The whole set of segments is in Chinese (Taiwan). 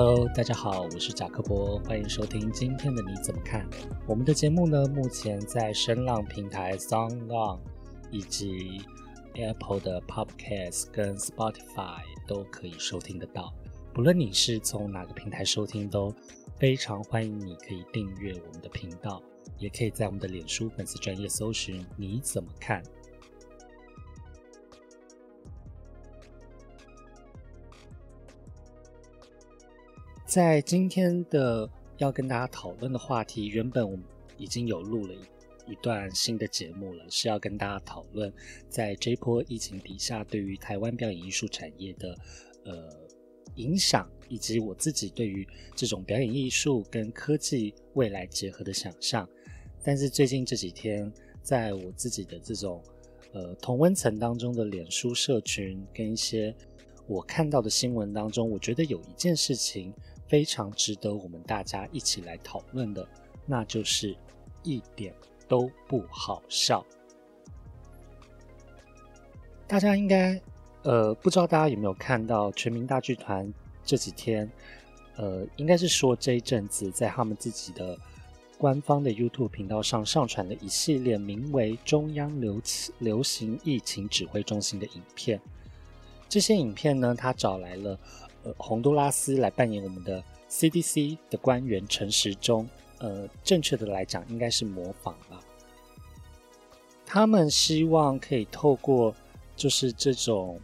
Hello，大家好，我是賈克博，歡迎收聽今天的你怎麼看？我們的節目呢，目前在聲浪平台 Song Long，以及 Apple 的 Podcast 跟 Spotify 都可以收聽得到。不論你是從哪個平台收聽都，哦，非常歡迎你可以訂閱我們的頻道，也可以在我們的臉書粉絲專頁搜尋你怎麼看。在今天的要跟大家討論的話題，原本我們已經有錄了一一段新的節目了，是要跟大家討論在這一波疫情底下對於台灣表演藝術產業的呃影響，以及我自己對於這種表演藝術跟科技未來結合的想象但是最近這幾天，在我自己的這種呃同溫層當中的臉書社群跟一些我看到的新聞當中，我覺得有一件事情。非常值得我們大家一起來討論的，那就是一點都不好笑。大家應該，呃，不知道大家有沒有看到全民大劇團這幾天，呃，應該是說這一陣子在他們自己的官方的 YouTube 頻道上上傳了一系列名為“中央流流行疫情指揮中心”的影片。這些影片呢，他找來了。洪都拉斯來扮演我們的 CDC 的官員陳時中，呃，正確的來講應該是模仿吧。他們希望可以透過就是這種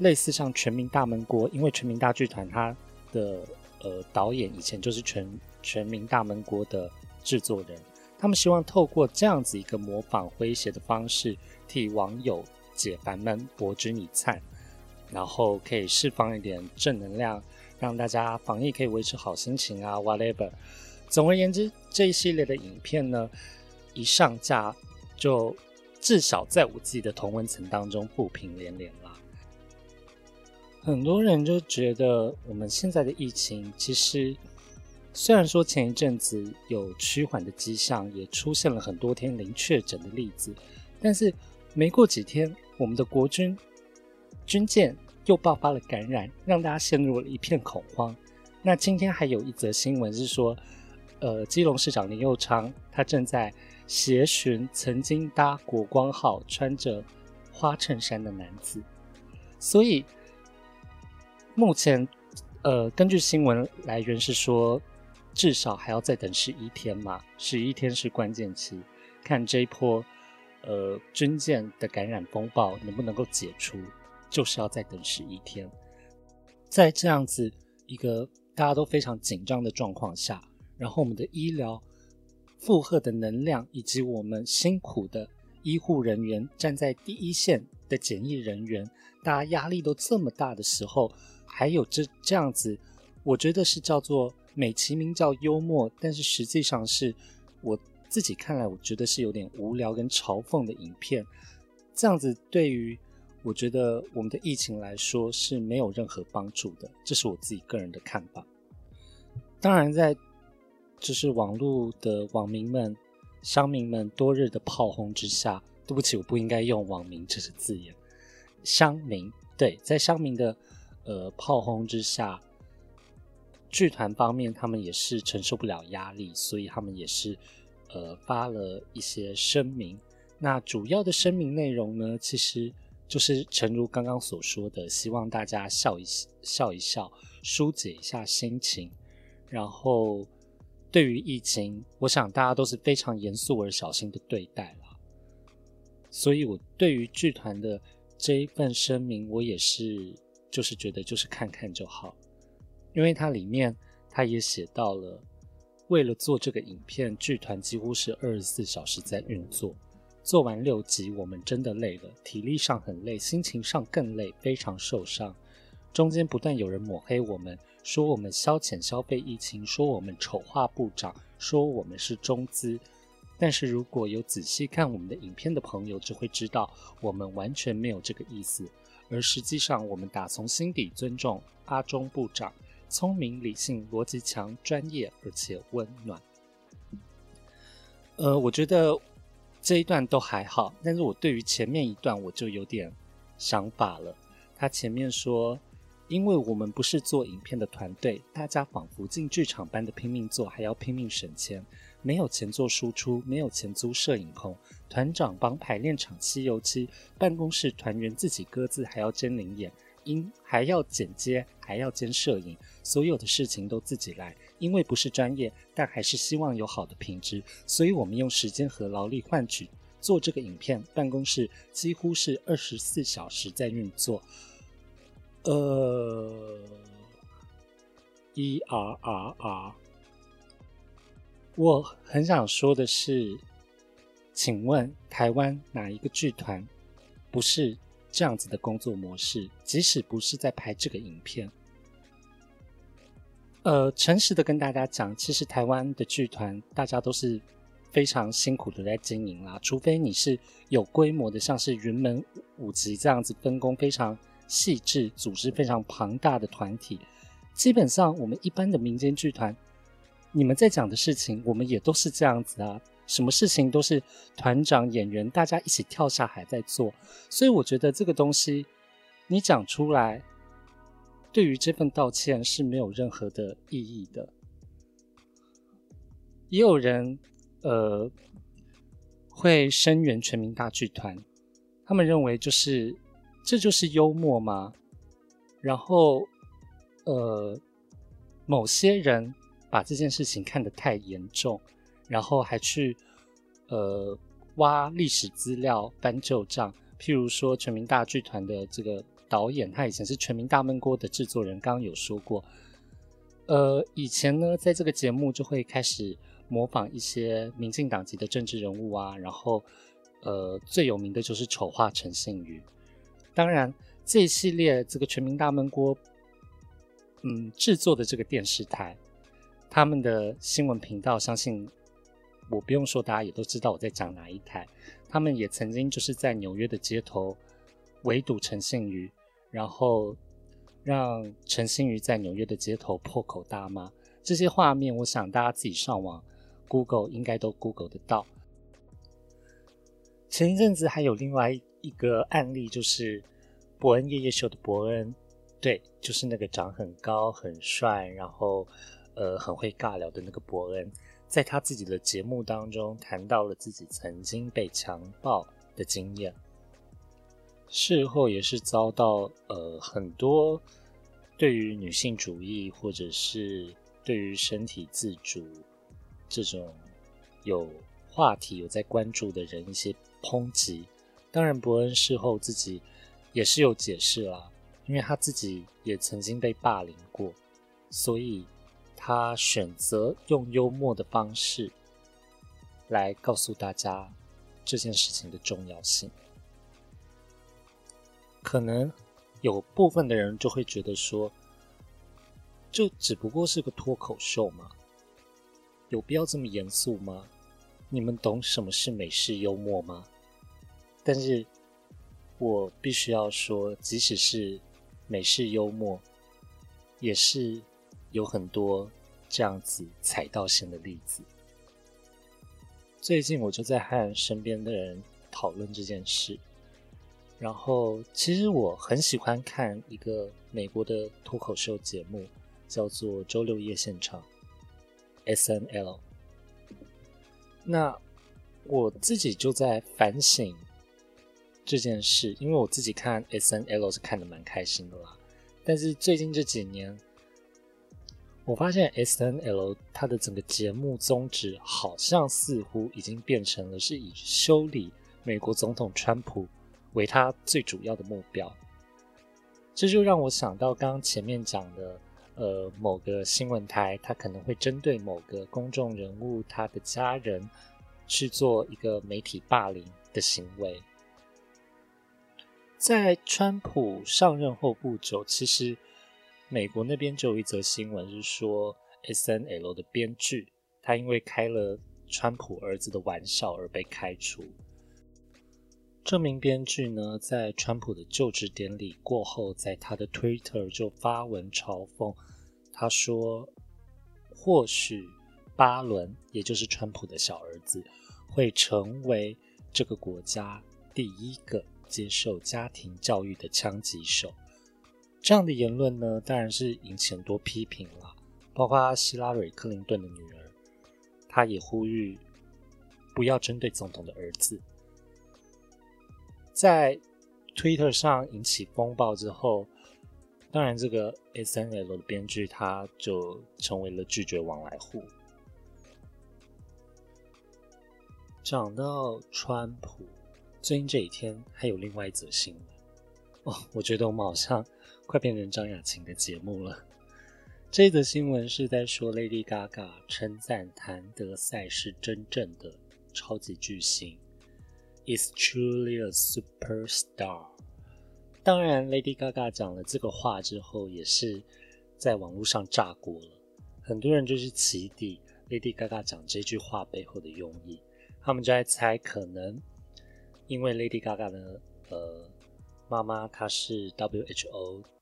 類似像全民大悶鍋，因為全民大劇團他的呃導演以前就是全全民大悶鍋的制作人，他們希望透過這樣子一個模仿詼諧的方式，替網友解煩悶，博君一笑。然後可以釋放一點正能量，讓大家防疫可以維持好心情啊，whatever。What 總而言之，這一系列的影片呢，一上架就至少在我自己的同溫層當中，不平連連啦。很多人就覺得，我們現在的疫情其實雖然說前一陣子有趨緩的跡象，也出現了很多天零確診的例子，但是沒過幾天，我們的國軍。軍艦又爆發了感染，讓大家陷入了一片恐慌。那今天還有一則新聞是說，呃，基隆市長林右昌他正在協尋曾經搭國光號穿着花襯衫的男子。所以目前，呃，根據新聞來源是說，至少還要再等十一天嘛，十一天是關鍵期，看這一波呃軍艦的感染風暴能不能夠解除。就是要再等十一天，在這樣子一個大家都非常緊張的狀況下，然後我們的醫療負荷的能量，以及我們辛苦的醫護人員站在第一線的檢疫人員，大家壓力都這麼大的時候，還有這這樣子，我覺得是叫做美其名叫幽默，但是實際上是我自己看來，我覺得是有點無聊跟嘲諷的影片，這樣子對於。我覺得我們的疫情來說是沒有任何幫助的，這是我自己個人的看法。當然，在就是網絡的網民們、鄉民們多日的炮轟之下，對不起，我不應該用“網民”這個字眼。鄉民對，在鄉民的呃炮轟之下，劇團方面他們也是承受不了壓力，所以他們也是呃發了一些聲明。那主要的聲明內容呢，其實。就是誠如剛剛所說的，希望大家笑一笑，笑一笑，紓解一下心情。然後，對於疫情，我想大家都是非常嚴肅而小心的對待啦。所以，我對於劇團的這一份聲明，我也是就是覺得就是看看就好，因為它裡面它也寫到了，為了做這個影片，劇團幾乎是二十四小時在運作。做完六集，我們真的累了，體力上很累，心情上更累，非常受傷。中間不斷有人抹黑我們，說我們消遣消費疫情，說我們醜化部長，說我們是中資。但是如果有仔細看我們的影片的朋友，就會知道我們完全沒有這個意思。而實際上，我們打從心底尊重阿中部長，聰明、理性、邏輯強、專業，而且溫暖。呃，我覺得。這一段都還好，但是我對於前面一段我就有點想法了。他前面說，因為我們不是做影片的團隊，大家仿佛進劇場般的拼命做，還要拼命省錢，沒有錢做輸出，沒有錢租攝影棚，團長幫排練場漆油漆，辦公室團員自己各自還要真臨演。因還要剪接，還要兼攝影，所有的事情都自己來，因為不是專業，但還是希望有好的品質，所以我們用時間和勞力換取做這個影片。辦公室幾乎是二十四小時在運作。呃，rrr，、e、我很想說的是，請問台灣哪一個劇團不是？這樣子的工作模式，即使不是在拍這個影片，呃，誠實的跟大家講，其實台灣的劇團大家都是非常辛苦的在經營啦。除非你是有規模的，像是雲門舞集這樣子分工非常細緻、組織非常龐大的團體，基本上我們一般的民間劇團，你們在講的事情，我們也都是這樣子啊。什麼事情都是團長、演員大家一起跳下海在做，所以我覺得這個東西你講出來，對於這份道歉是沒有任何的意義的。也有人呃會聲援全民大劇團，他們認為就是這就是幽默嘛。然後呃某些人把這件事情看得太嚴重。然後還去，呃，挖歷史資料翻舊賬，譬如說全民大劇團的這個導演，他以前是全民大悶鍋的制作人，剛剛有說過，呃，以前呢，在這個節目就會開始模仿一些民進黨籍的政治人物啊，然後，呃，最有名的就是醜化陳幸妤。當然，這一系列這個全民大悶鍋，嗯，制作的這個電視台，他們的新聞頻道，相信。我不用說，大家也都知道我在講哪一台。他們也曾經就是在紐約的街頭圍堵陳幸妤，然後讓陳幸妤在紐約的街頭破口大罵。這些畫面，我想大家自己上網，Google 應該都 Google 得到。前一陣子還有另外一個案例，就是伯恩夜夜秀的伯恩，對，就是那個長很高、很帥，然後呃很會尬聊的那個伯恩。在他自己的節目當中談到了自己曾經被強暴的經驗，事後也是遭到呃很多對於女性主義或者是對於身體自主這種有話題有在關注的人一些抨擊。當然，伯恩事後自己也是有解釋啦，因為他自己也曾經被霸凌過，所以。他選擇用幽默的方式來告訴大家這件事情的重要性。可能有部分的人就會覺得說，這只不過是個脫口秀嘛，有必要這麼嚴肅嗎？你們懂什麼是美式幽默嗎？但是，我必須要說，即使是美式幽默，也是。有很多這樣子踩到線的例子。最近我就在和身邊的人討論這件事，然後其實我很喜歡看一個美國的脫口秀節目，叫做《周六夜現場》（SNL）。那我自己就在反省這件事，因為我自己看 SNL 是看得蠻開心的啦，但是最近這幾年。我發現 SNL 它的整個節目宗旨，好像似乎已經變成了是以修理美國總統川普為他最主要的目標，這就讓我想到剛剛前面講的，呃，某個新聞台他可能會針對某個公眾人物他的家人去做一個媒體霸凌的行為，在川普上任後不久，其實。美國那邊就有一則新聞，是說 SNL 的編劇他因為開了川普兒子的玩笑而被開除。這名編劇呢，在川普的就職典禮過後，在他的 Twitter 就發文嘲諷，他說：“或許巴倫，也就是川普的小兒子，會成為這個國家第一個接受家庭教育的槍擊手。”這樣的言論呢，當然是引起很多批評了。包括希拉蕊克林頓的女兒，她也呼籲不要針對總統的兒子。在 Twitter 上引起風暴之後，當然這個 SNL 的編劇他就成為了拒絕往來戶。講到川普，最近這幾天還有另外一則新聞哦，我覺得我們好像快變成張雅琴的節目了。這則新聞是在說 Lady Gaga 稱讚譚德塞是真正的超級巨星，"It's truly a superstar." 當然，Lady Gaga 講了這個話之後，也是在網絡上炸鍋了。很多人就是起底 Lady Gaga 講這句話背後的用意，他們就在猜，可能因為 Lady Gaga 的呃媽媽她是 WHO。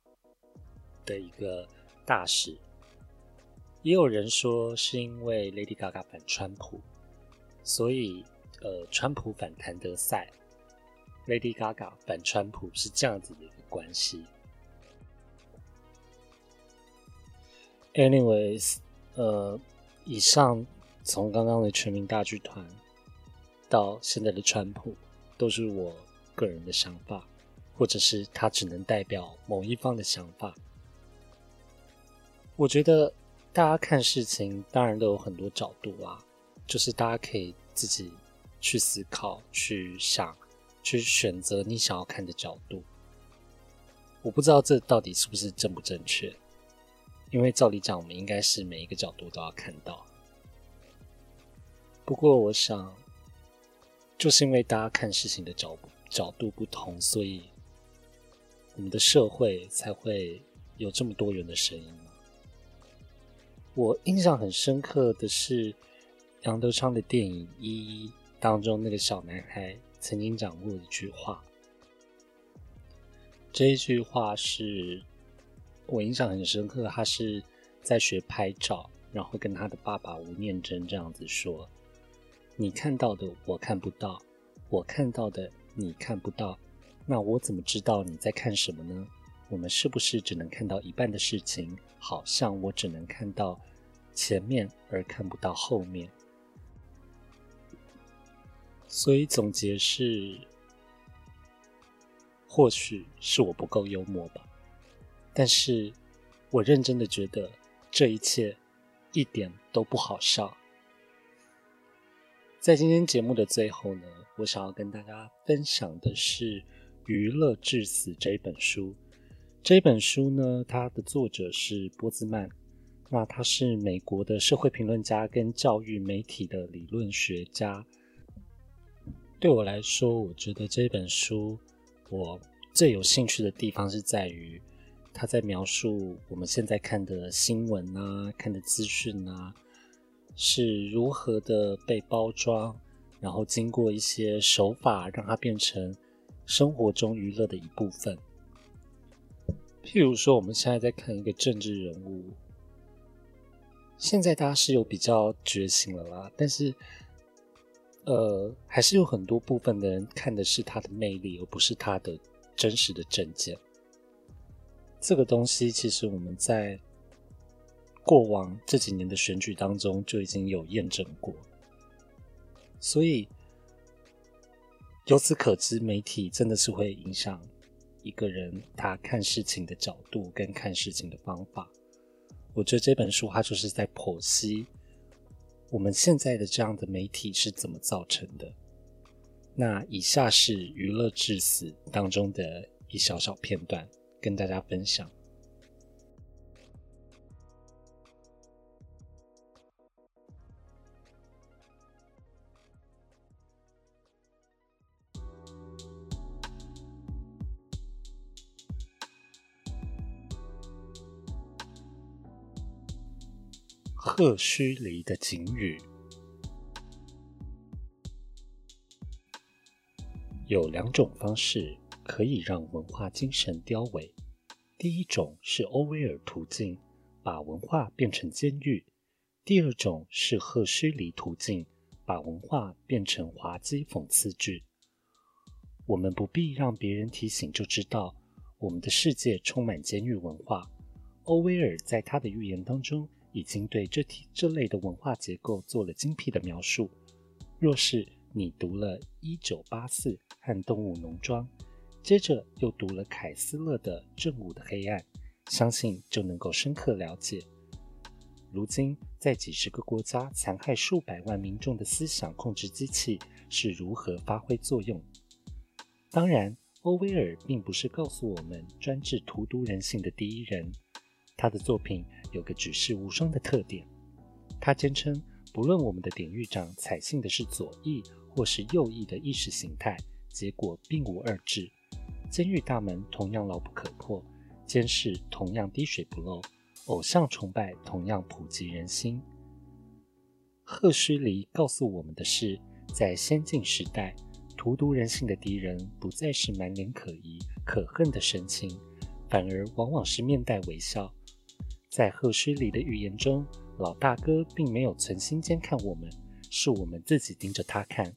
的一個大使，也有人說是因為 Lady Gaga 反川普，所以呃，川普反譚德塞，Lady Gaga 反川普是這樣子的一個關係。Anyways，呃，以上從剛剛的全民大劇團到現在的川普，都是我個人的想法，或者是他只能代表某一方的想法。我覺得大家看事情當然都有很多角度啊，就是大家可以自己去思考、去想、去選擇你想要看的角度。我不知道這到底是不是正不正確，因為照理講，我們應該是每一個角度都要看到。不過，我想就是因為大家看事情的角度角度不同，所以我們的社會才會有這麼多元的聲音嘛。我印象很深刻的是，楊德昌的電影《一一》當中那個小男孩曾經講過一句話。這一句話是我印象很深刻，他是在學拍照，然後跟他的爸爸吳念真這樣子說：“你看到的我看不到，我看到的你看不到，那我怎麼知道你在看什麼呢？”我們是不是只能看到一半的事情？好像我只能看到前面，而看不到後面。所以總結是，或許是我不夠幽默吧。但是我認真的覺得這一切一點都不好笑。在今天節目的最後呢，我想要跟大家分享的是《娛樂至死》這本書。這本書呢，它的作者是波茲曼，那他是美國的社會評論家跟教育媒體的理論學家。對我來說，我覺得這本書我最有興趣的地方是在於，他在描述我們現在看的新聞啊，看的資訊啊，是如何的被包裝，然後經過一些手法讓它變成生活中娛樂的一部分。譬如說，我們現在在看一個政治人物，現在大家是有比較覺醒了啦，但是，呃，還是有很多部分的人看的是他的魅力，而不是他的真實的政見。這個東西其實我們在過往這幾年的選舉當中就已經有驗證過，所以由此可知，媒體真的是會影響。一個人他看事情的角度跟看事情的方法，我覺得這本書它就是在剖析我們現在的這樣的媒體是怎麼造成的。那以下是《娛樂至死》當中的一小小片段，跟大家分享。赫胥黎的警語有兩種方式可以讓文化精神凋萎：第一種是歐威爾途徑，把文化變成監獄；第二種是赫胥黎途徑，把文化變成滑稽諷刺劇。我們不必讓別人提醒，就知道我們的世界充滿監獄文化。歐威爾在他的預言當中，已經對這體這類的文化結構做了精闢的描述。若是你讀了《一九八四》和《動物農莊》，接着又讀了凱斯勒的《正午的黑暗》，相信就能夠深刻了解，如今在幾十個國家殘害數百萬民眾的思想控制機器是如何發揮作用。當然，歐威爾並不是告訴我們專制荼毒人性的第一人。他的作品有個舉世無雙的特點，他堅稱，不論我們的典獄長採信的是左翼或是右翼的意識形態，結果並無二致。監獄大門同樣牢不可破，監視同樣滴水不漏，偶像崇拜同樣普及人心。赫胥黎告訴我們的是，在先進時代，荼毒人性的敵人不再是滿臉可疑、可恨的神情，反而往往是面帶微笑。在赫胥黎的預言中，老大哥並沒有存心監看我們，是我們自己盯着他看。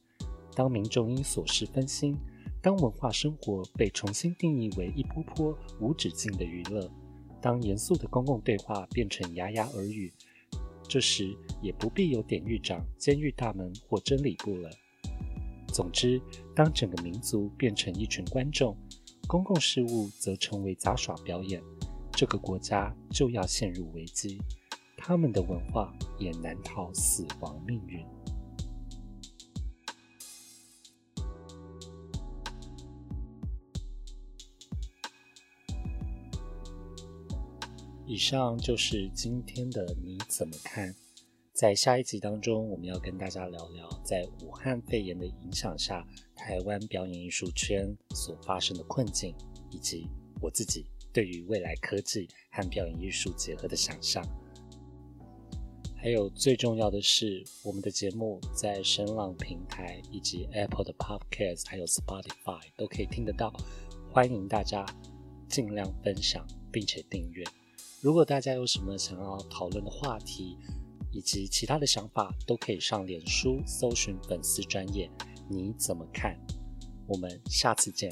當民眾因瑣事分心，當文化生活被重新定義為一波波無止境的娛樂，當嚴肅的公共對話變成牙牙耳語，這時也不必有典獄長、監獄大門或真理部了。總之，當整個民族變成一群觀眾，公共事務則成為雜耍表演。這個國家就要陷入危機，他們的文化也難逃死亡命運。以上就是今天的你怎麼看？在下一集當中，我們要跟大家聊聊，在武漢肺炎的影響下，台灣表演藝術圈所發生的困境，以及我自己。對於未來科技和表演藝術結合的想象，還有最重要的是，我們的節目在聲浪平台以及 Apple 的 Podcast 還有 Spotify 都可以聽得到。歡迎大家盡量分享並且訂閱。如果大家有什麼想要討論的話題以及其他的想法，都可以上臉書搜尋粉絲專頁。你怎麼看？我們下次見。